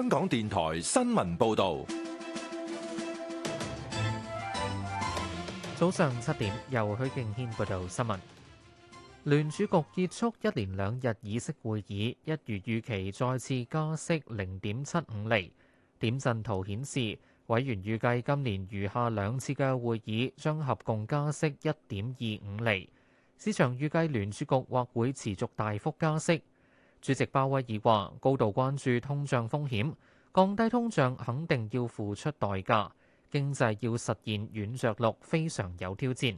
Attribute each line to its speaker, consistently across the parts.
Speaker 1: 香港電台新聞報道，
Speaker 2: 早上七點，由許敬軒報道新聞。聯儲局結束一連兩日議息會議，一如預期再次加息零點七五厘。點陣圖顯示，委員預計今年餘下兩次嘅會議將合共加息一點二五厘。市場預計聯儲局或會持續大幅加息。主席鮑威爾話：高度關注通脹風險，降低通脹肯定要付出代價，經濟要實現軟著陸非常有挑戰。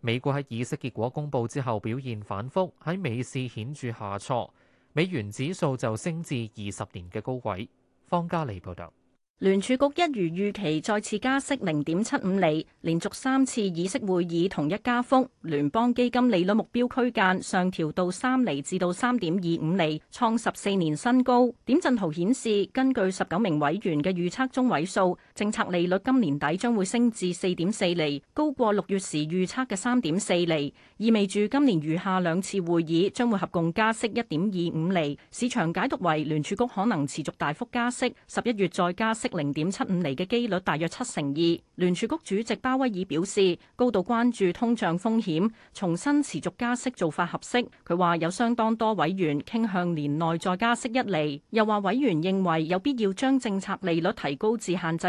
Speaker 2: 美國喺議息結果公佈之後表現反覆，喺美市顯著下挫，美元指數就升至二十年嘅高位。方家利報道。
Speaker 3: 聯儲局一如預期，再次加息零點七五厘，連續三次議息會議同一加幅，聯邦基金利率目標區間上調到三厘至到三點二五厘，創十四年新高。點陣圖顯示，根據十九名委員嘅預測中位數。政策利率今年底將會升至四點四厘，高過六月時預測嘅三點四厘，意味住今年餘下兩次會議將會合共加息一點二五厘。市場解讀為聯儲局可能持續大幅加息，十一月再加息零點七五厘嘅幾率大約七成二。聯儲局主席鮑威爾表示，高度關注通脹風險，重申持續加息做法合適。佢話有相當多委員傾向年內再加息一厘，又話委員認為有必要將政策利率提高至限制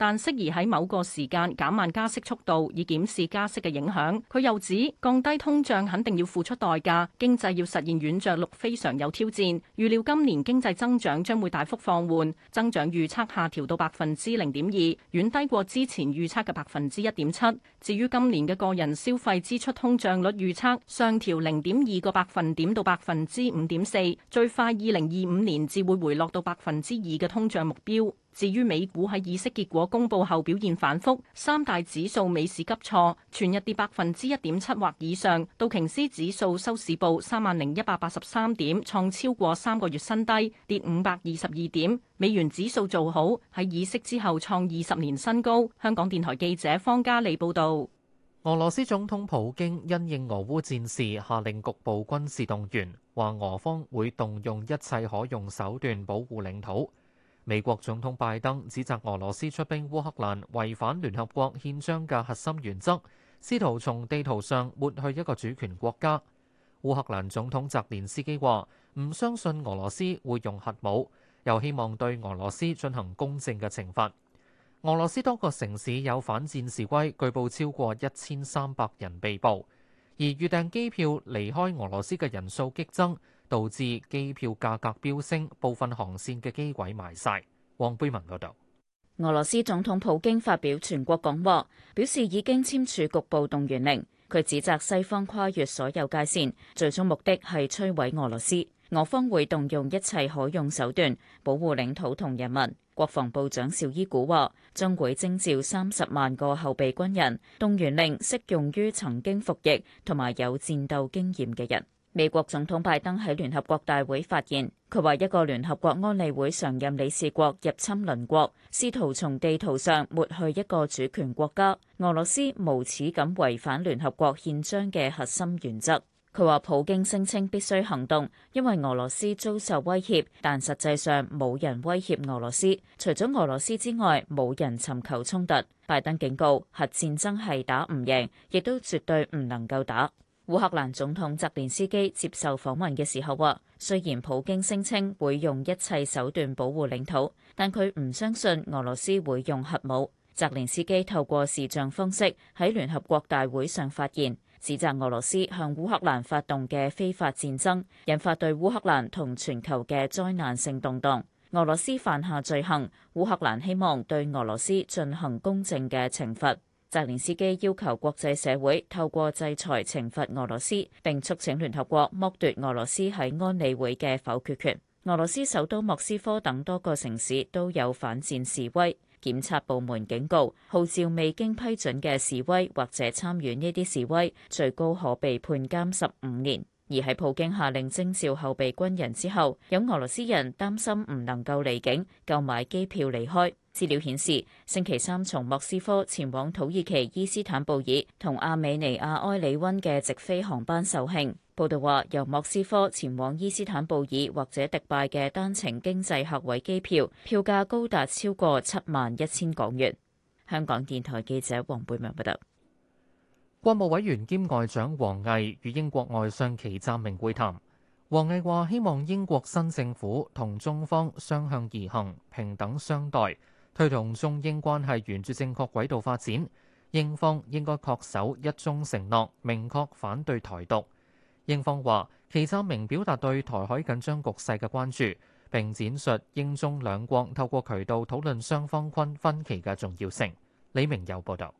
Speaker 3: 但適宜喺某個時間減慢加息速度，以檢視加息嘅影響，佢又指降低通脹肯定要付出代價，經濟要實現軟着陸非常有挑戰，預料今年經濟增長將會大幅放緩，增長預測下調到百分之零點二，遠低過之前預測嘅百分之一點七。至於今年嘅個人消費支出通脹率預測上調零點二個百分點到百分之五點四，最快二零二五年至會回落到百分之二嘅通脹目標。至於美股喺議息結果公佈後表現反覆，三大指數美市急挫，全日跌百分之一點七或以上。道瓊斯指數收市報三萬零一百八十三點，創超過三個月新低，跌五百二十二點。美元指數做好喺議息之後創二十年新高。香港電台記者方嘉利報導。
Speaker 2: 俄羅斯總統普京因應俄烏戰事，下令局部軍事動員，話俄方會動用一切可用手段保護領土。美國總統拜登指責俄羅斯出兵烏克蘭違反聯合國憲章嘅核心原則，試圖從地圖上抹去一個主權國家。烏克蘭總統澤連斯基話：唔相信俄羅斯會用核武，又希望對俄羅斯進行公正嘅懲罰。俄羅斯多個城市有反戰示威，據報超過一千三百人被捕，而預訂機票離開俄羅斯嘅人數激增。導致機票價格飆升，部分航線嘅機位賣晒。黃貝文嗰度，
Speaker 4: 俄羅斯總統普京發表全國講話，表示已經簽署局部動員令。佢指責西方跨越所有界線，最終目的係摧毀俄羅斯。俄方會動用一切可用手段保護領土同人民。國防部長邵伊古話，將會徵召三十萬個後備軍人。動員令適用於曾經服役同埋有戰鬥經驗嘅人。美國總統拜登喺聯合國大會發言，佢話一個聯合國安理會常任理事國入侵鄰國，試圖從地圖上抹去一個主權國家。俄羅斯無恥咁違反聯合國憲章嘅核心原則。佢話普京聲稱必須行動，因為俄羅斯遭受威脅，但實際上冇人威脅俄羅斯。除咗俄羅斯之外，冇人尋求衝突。拜登警告，核戰爭係打唔贏，亦都絕對唔能夠打。烏克蘭總統澤連斯基接受訪問嘅時候話，雖然普京聲稱會用一切手段保護領土，但佢唔相信俄羅斯會用核武。澤連斯基透過視像方式喺聯合國大會上發言，指責俄羅斯向烏克蘭發動嘅非法戰爭，引發對烏克蘭同全球嘅災難性動盪。俄羅斯犯下罪行，烏克蘭希望對俄羅斯進行公正嘅懲罰。澤連斯基要求國際社會透過制裁懲罰俄羅斯，並促請聯合國剝奪俄羅斯喺安理會嘅否決權。俄羅斯首都莫斯科等多個城市都有反戰示威，檢察部門警告，號召未經批准嘅示威或者參與呢啲示威，最高可被判監十五年。而喺普京下令徵召後備軍人之後，有俄羅斯人擔心唔能夠離境，購買機票離開。資料顯示，星期三從莫斯科前往土耳其伊斯坦布爾同阿美尼亞埃里溫嘅直飛航班售罄。報道話由莫斯科前往伊斯坦布爾或者迪拜嘅單程經濟客位機票，票價高達超過七萬一千港元。香港電台記者黃貝明報道。
Speaker 2: 國務委員兼外長王毅與英國外相祁湛明會談。王毅話：希望英國新政府同中方相向而行、平等相待，推動中英關係沿住正確軌道發展。英方應該恪守一中承諾，明確反對台獨。英方話：祁湛明表達對台海緊張局勢嘅關注，并闡述英中兩國透過渠道討論雙方間分歧嘅重要性。李明友報道。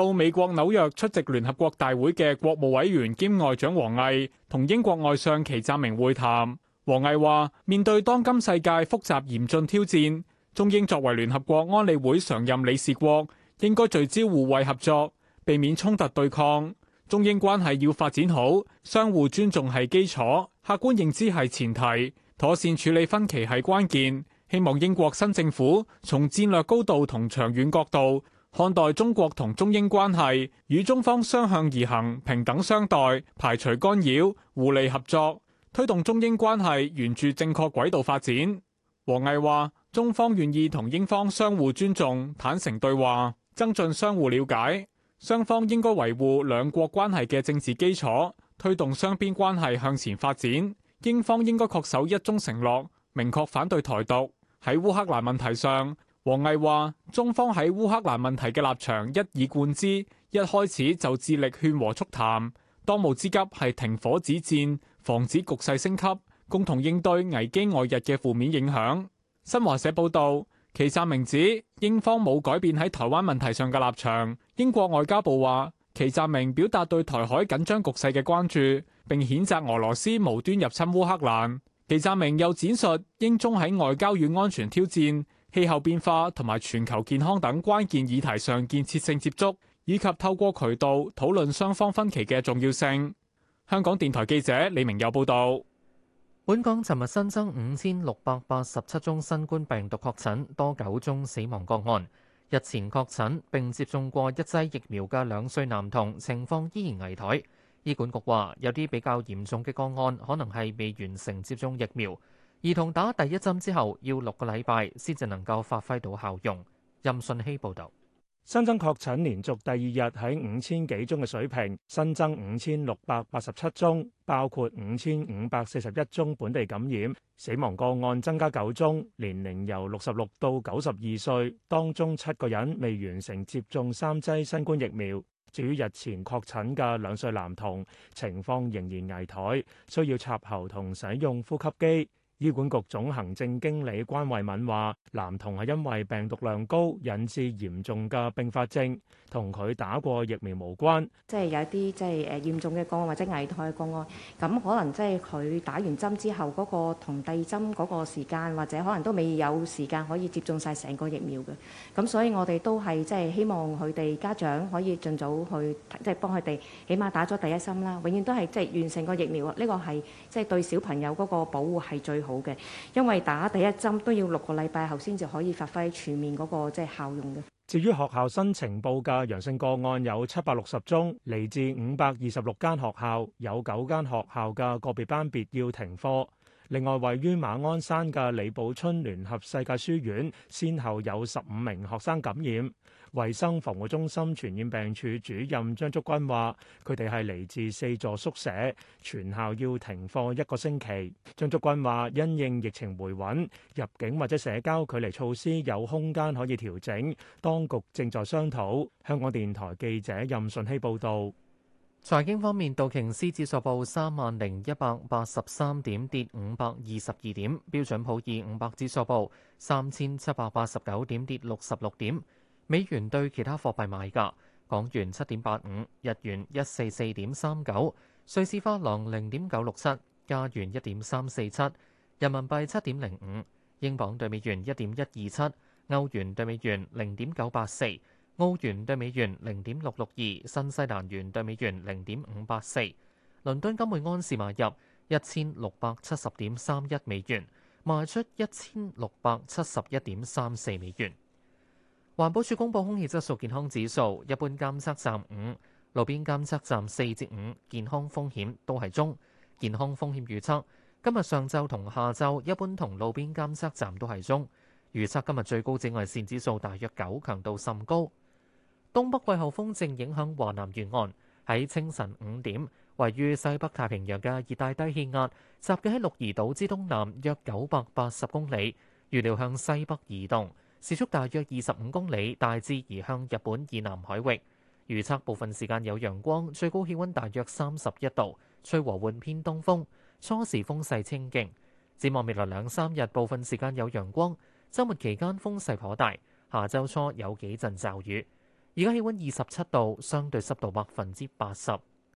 Speaker 5: 到美國紐約出席聯合國大會嘅國務委員兼外長王毅同英國外相祁湛明會談。王毅話：面對當今世界複雜嚴峻挑戰，中英作為聯合國安理會常任理事國，應該聚焦互惠合作，避免衝突對抗。中英關係要發展好，相互尊重係基礎，客觀認知係前提，妥善處理分歧係關鍵。希望英國新政府從戰略高度同長遠角度，看待中國同中英關係，與中方相向而行、平等相待、排除干擾、互利合作，推動中英關係沿住正確軌道發展。王毅話：中方願意同英方相互尊重、坦誠對話，增進相互了解。雙方應該維護兩國關係嘅政治基礎，推動雙邊關係向前發展。英方應該確守一中承諾，明確反對台獨。喺烏克蘭問題上。王毅話：中方喺烏克蘭問題嘅立場一以貫之，一開始就致力勸和促談。當務之急係停火止戰，防止局勢升級，共同應對危機外溢嘅負面影響。新華社報道，祈湛明指英方冇改變喺台灣問題上嘅立場。英國外交部話，祈湛明表達對台海緊張局勢嘅關注，並譴責俄羅斯無端入侵烏克蘭。祈湛明又展述英中喺外交與安全挑戰氣候變化同埋全球健康等關鍵議題上建設性接觸，以及透過渠道討論雙方分歧嘅重要性。香港電台記者李明佑報道。本港
Speaker 2: 尋日新增五千六百八十七宗新冠病毒確診，多九宗死亡個案。日前確診並接種過一劑疫苗嘅兩歲男童情況依然危殆。醫管局話，有啲比較嚴重嘅個案可能係未完成接種疫苗。兒童打第一針之後要六個禮拜先至能夠發揮
Speaker 1: 到效用。任信希報道：新增確診連續第二日喺五千幾宗嘅水平，新增五千六百八十七宗，包括五千五百四十一宗本地感染。死亡個案增加九宗，年齡由六十六到九十二歲，當中七個人未完成接種三劑新冠疫苗。至於日前確診嘅兩歲男童，情況仍然危殆，需要插喉同使用呼吸機。醫管局總行政經理關惠敏話，男童係因為病毒量高，引致嚴重嘅併發症，同佢打過疫苗無關。
Speaker 3: 即係有啲即係誒嚴重嘅個案或者危殆嘅個案，咁可能即係佢打完針之後嗰個同第二針嗰個時間，或者可能都未有時間可以接種晒成個疫苗嘅。咁所以我哋都係即係希望佢哋家長可以盡早去，即係幫佢哋起碼打咗第一針啦。永遠都係即係完成個疫苗，呢個係即係對小朋友嗰個保護係最好。好嘅，因為打第一針都要六個禮拜後先就可以發揮全面嗰個即係效用嘅。
Speaker 1: 至於學校申請報嘅陽性個案有七百六十宗，嚟自五百二十六間學校，有九間學校嘅個別班別要停課。另外，位於馬鞍山嘅李寶椿聯合世界書院，先後有十五名學生感染。衞生防護中心傳染病處主任張竹君話：佢哋係嚟自四座宿舍，全校要停課一個星期。張竹君話：因應疫情回穩，入境或者社交距離措施有空間可以調整，當局正在商討。香港電台記者任順希報導。財經方面，道瓊斯指數報三萬零一百八十三
Speaker 2: 點，跌五百二十二點；標準普爾五百指數報三千七百八十九點，跌六十六點。美元對其他貨幣買價：港元七點八五，日元一四四點三九，瑞士法郎零點九六七，加元一點三四七，人民幣七點零五，英鎊對美元一點一二七，歐元對美元零點九八四，澳元對美元零點六六二，新西蘭元對美元零點五八四。倫敦金每安司買入一千六百七十點三一美元，賣出一千六百七十一點三四美元。環保署公布空氣質素健康指數，一般監測站五，路邊監測站四至五，5，健康風險都係中。健康風險預測今日上晝同下晝，一般同路邊監測站都係中。預測今日最高紫外線指數大約九，強度甚高。東北季候風正影響華南沿岸。喺清晨五點，位於西北太平洋嘅熱帶低氣壓，集結喺鹿兒島之東南約九百八十公里，預料向西北移動。時速大約二十五公里，大致移向日本以南海域。預測部分時間有陽光，最高氣溫大約三十一度，吹和緩偏東風，初時風勢清勁。展望未來兩三日，部分時間有陽光，週末期間風勢頗大，下週初有幾陣驟雨。而家氣溫二十七度，相對濕度百分之八十。